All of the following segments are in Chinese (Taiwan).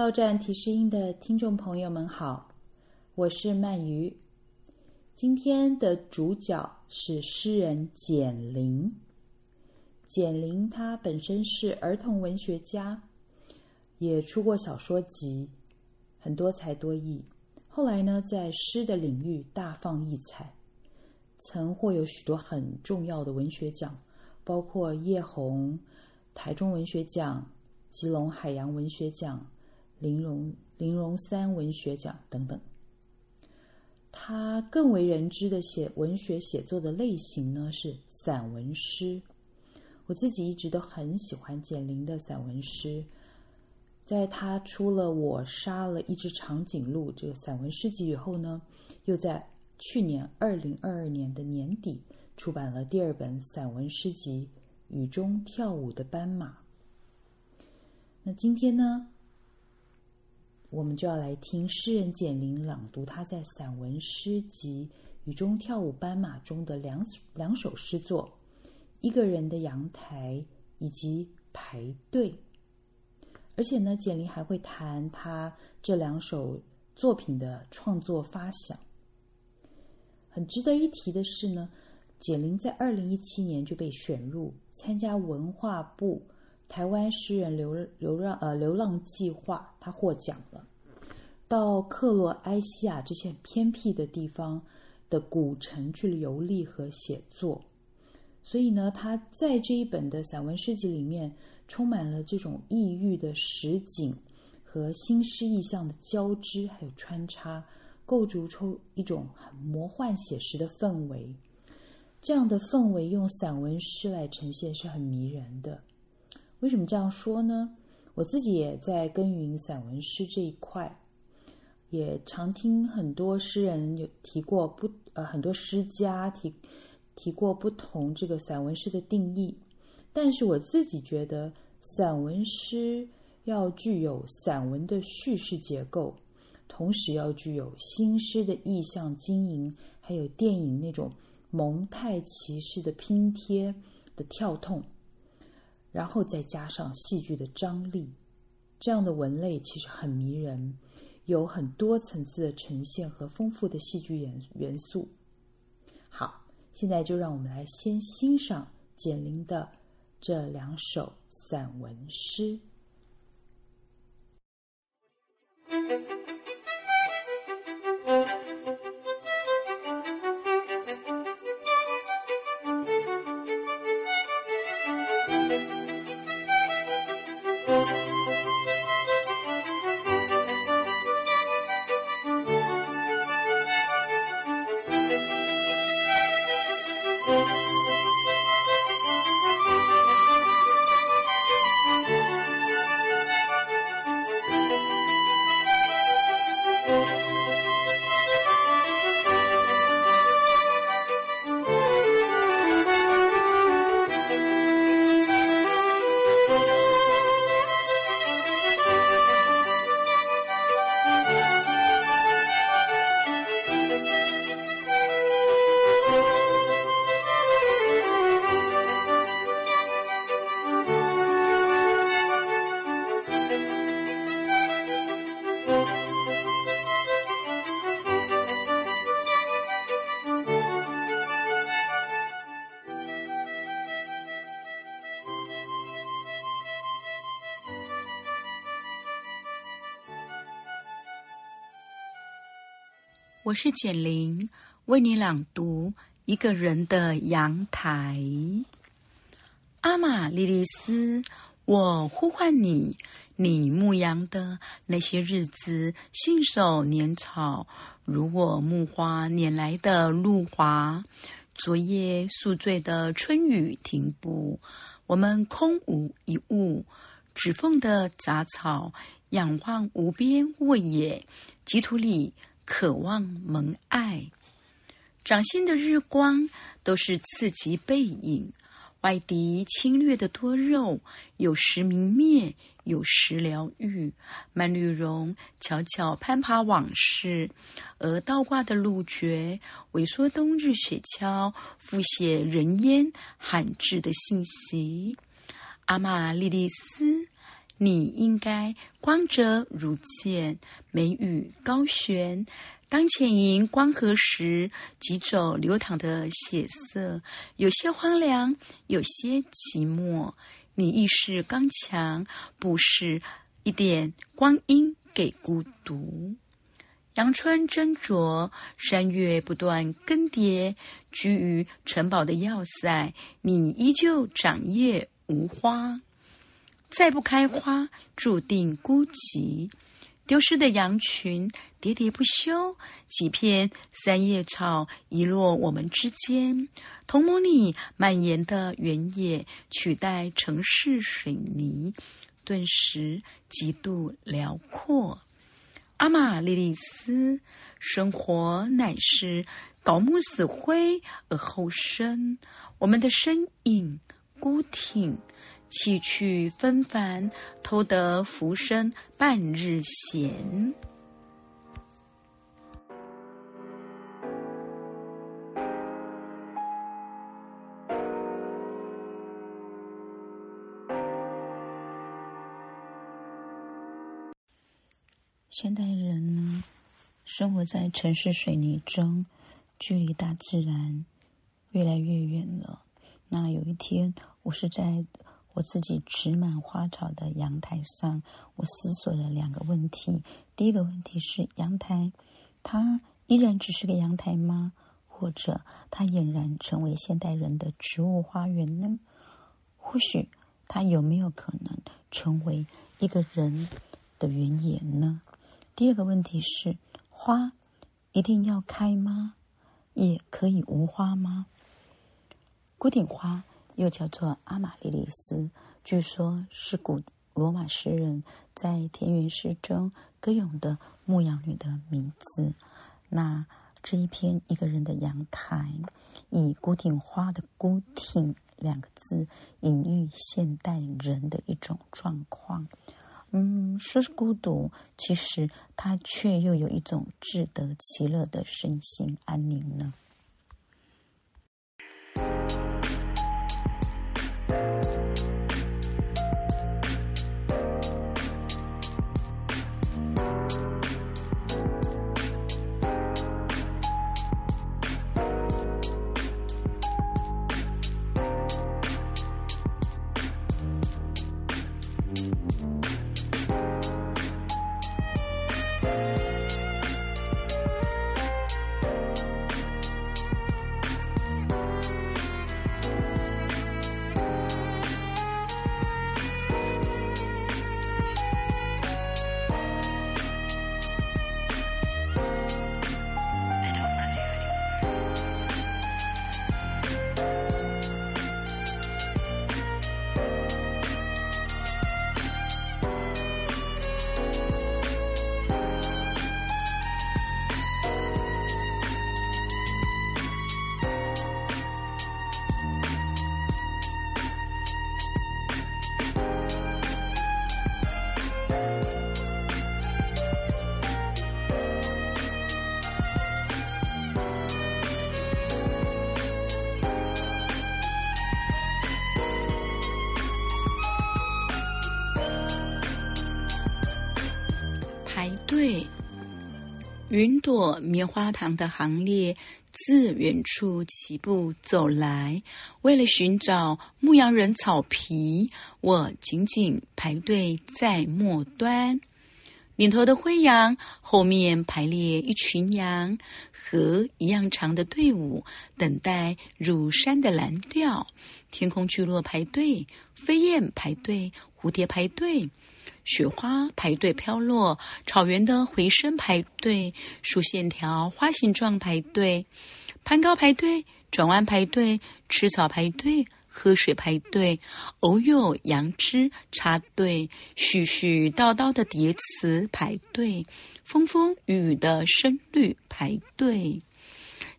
到站提示音的聽眾朋友們好，我是漫漁。今天的主角是詩人簡玲。簡玲她本身是兒童文學家，也出過小說集，很多才多藝。後來呢，在詩的領域大放異彩，曾獲有許多很重要的文學獎，包括葉紅，台中文學獎、基隆海洋文學獎。林榮林榮三文學獎等等，他更為人知的寫文學寫作的類型呢，是散文詩。我自己一直都很喜歡簡玲的散文詩。在他出了《我殺了一隻長頸鹿》這個散文詩集以後呢，又在去年二零二二年的年底出版了第二本散文詩集《雨中跳舞的斑馬》。那今天呢，我們就要來聽詩人簡玲朗讀她在散文詩集《雨中跳舞斑馬》中的兩兩首詩作，《一個人的陽台》以及《排隊》。而且呢，簡玲還會談他這兩首作品的創作發想。很值得一提的是呢，簡玲在二零一七年就被選入參加文化部。台灣詩人流流浪呃流浪計劃，他獲獎了，到克羅埃西亞這些偏僻的地方的古城去遊歷和寫作，所以呢，他在這一本的散文詩集裡面充滿了這種異域的實景和新詩意象的交織還有穿插，構築出一種很魔幻寫實的氛圍。這樣的氛圍用散文詩來呈現是很迷人的。為什麼這樣說呢？我自己也在耕耘散文詩這一塊，也常聽很多詩人有提過不，呃，很多詩家提提過不同這個散文詩的定義，但是我自己覺得散文詩要具有散文的敘事結構，同時要具有新詩的意象經營，還有電影那種蒙太奇式的拼貼的跳動。然後再加上戲劇的張力，這樣的文類其實很迷人，有很多層次的呈現和豐富的戲劇元元素。好，現在就讓我們來先欣賞簡玲的這兩首散文詩。我是簡玲，為你朗讀《一個人的陽台》。阿瑪莉莉絲，我呼喚你。你牧羊的那些日子，信手拈草，如我木花拈來的露華。昨夜宿醉的春雨停步，我們空無一物，指縫的雜草，仰望無邊沃野，瘠土裡。渴望萌愛，掌心的日光都是刺激背影，外敵侵略的多肉，有時明滅，有時療癒。曼綠絨悄悄攀爬往事，而倒掛的鹿角萎縮，冬日雪橇複寫人烟罕至的信息。阿瑪莉莉絲。你應該光澤如劍，眉宇高懸。當前影光合時，急走流淌的血色。有些荒涼，有些寂寞。你意識剛強，不是一點光陰給孤獨。陽春斟酌，山月不斷更迭。居於城堡的要塞，你依舊長葉無花。再不開花，注定孤寂。丟失的羊群喋喋不休，幾片三葉草遺落我們之間。瞳眸裡蔓延的原野，取代城市水泥，頓時極度遼闊。阿瑪莉莉絲，生活乃是槁木死灰而後生。我們的身影孤挺。棄去紛繁，偷得浮生半日閒。現代人呢，生活在城市水泥中，距離大自然越來越遠了。那有一天，我是在。我自己植滿花草的陽台上，我思索了兩個問題。第一個問題是：陽台，它依然只是個陽台嗎？或者它儼然成為現代人的植物花園呢？或許它有沒有可能成為一個人的原野呢？第二個問題是：花一定要開嗎？也可以無花嗎？孤頂花。又叫做阿瑪莉莉斯，據說是古羅馬詩人，在田園詩中歌詠的牧羊女的名字。那這一篇《一個人的陽台》，以“孤挺花”的“孤挺”兩個字，隱喻現代人的一種狀況。嗯，說是孤獨，其實他卻又有一種自得其樂的身心安寧呢。排隊，雲朵棉花糖的行列。自遠處齊步走來，為了尋找牧羊人草皮，我緊緊排隊在末端。領頭的灰羊，後面排列一群羊，和一樣長的隊伍，等待入山的藍調。天空聚落排隊，飛燕排隊，蝴蝶排隊。雪花排隊飄落，草原的回聲排隊，數線條花形狀排隊，攀高排隊，轉彎排隊，吃草排隊，喝水排隊，偶有羊隻插隊，絮絮叨叨的疊詞排隊，風風雨雨的聲律排隊。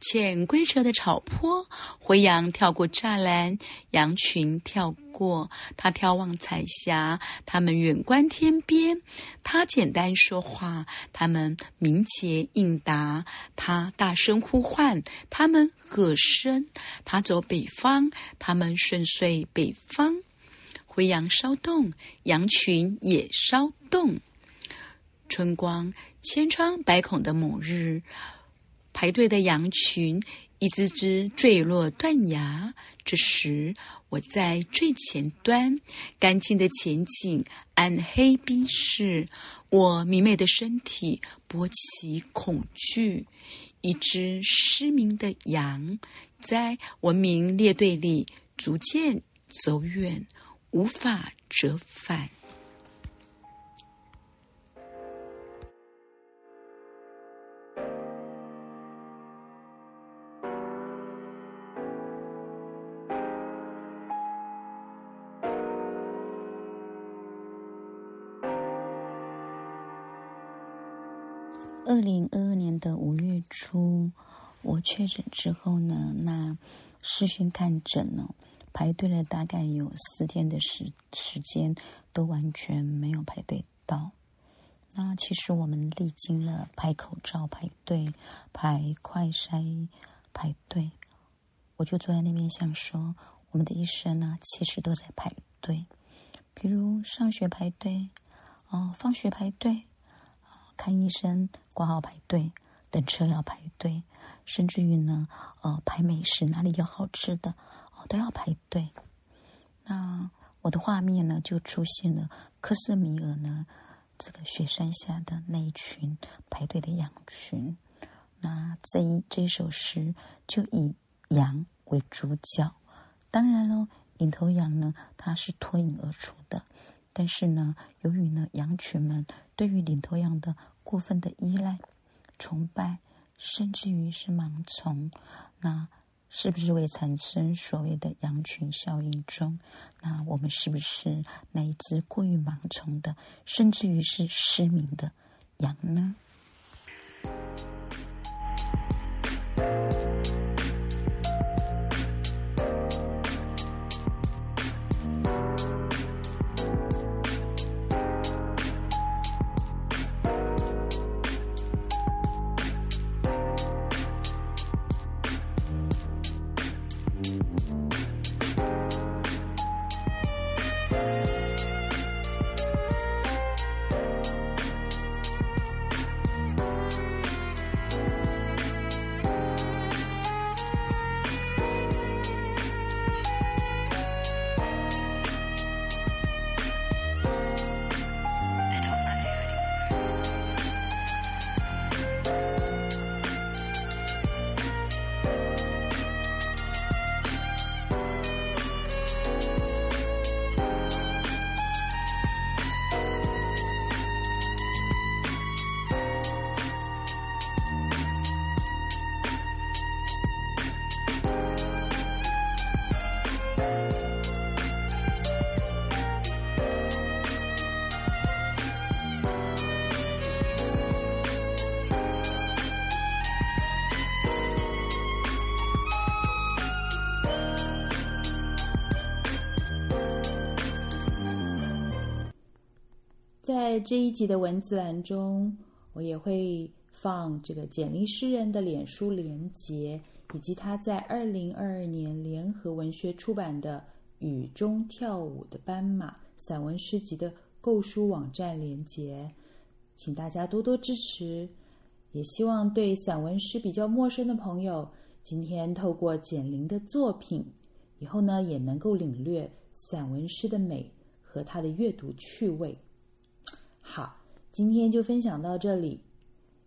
潛規則的草坡，灰羊跳過柵欄，羊群跳過。他眺望彩霞，他們遠觀天邊。他簡單說話，他們敏捷應答。他大聲呼喚，他們和聲。他走北方，他們順遂北方。灰羊騷動，羊群也騷動。春光千瘡百孔的某日。排隊的羊群，一隻隻墜落斷崖。這時我在最前端，乾淨的前景，暗黑冰室。我明媚的身體勃起恐懼。一隻失明的羊，在文明列隊裡逐漸走遠，無法折返。二零二二年的五月初，我確診之後呢，那視訊看診哦，排隊了大概有四天的時時間，都完全沒有排隊到。那其實我們歷經了排口罩排隊、排快篩排隊，我就坐在那邊想說，我們的醫生呢，其實都在排隊，比如上學排隊，啊、呃，放學排隊，啊、呃，看醫生。掛號排隊，等車要排隊，甚至於呢，呃，排美食哪裡有好吃的，哦，都要排隊。那我的畫面呢，就出現了，克什米爾呢，這個雪山下的那一群排隊的羊群。那這一這首詩就以羊為主角，當然嘍，哦，領頭羊呢，它是脫穎而出的。但是呢，由於呢，羊群們對於領頭羊的過分的依賴、崇拜，甚至於是盲從，那是不是會產生所謂的羊群效應中？那我們是不是哪一隻過於盲從的，甚至於是失明的羊呢？在這一集的文字欄中，我也會放這個簡玲詩人的臉書連接，以及他在二零二二年聯合文學出版的《雨中跳舞的斑馬》散文詩集的購書網站連接，請大家多多支持。也希望對散文詩比較陌生的朋友，今天透過簡玲的作品，以後呢也能夠領略散文詩的美和他的閱讀趣味。好，今天就分享到這裡。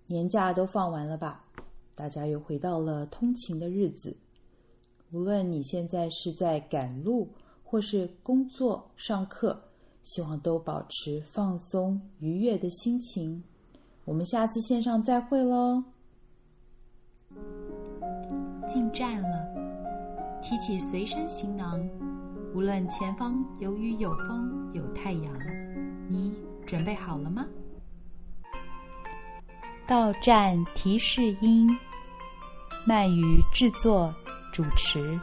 年假都放完了吧？大家又回到了通勤的日子。無論你現在是在趕路，或是工作、上課，希望都保持放鬆、愉悅的心情。我們下次線上再會嘍。進站了，提起隨身行囊，無論前方有雨、有風、有太陽，你。準備好了嗎？到站提示音，漫漁製作主持。